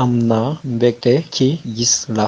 am naa mbégte ci gis la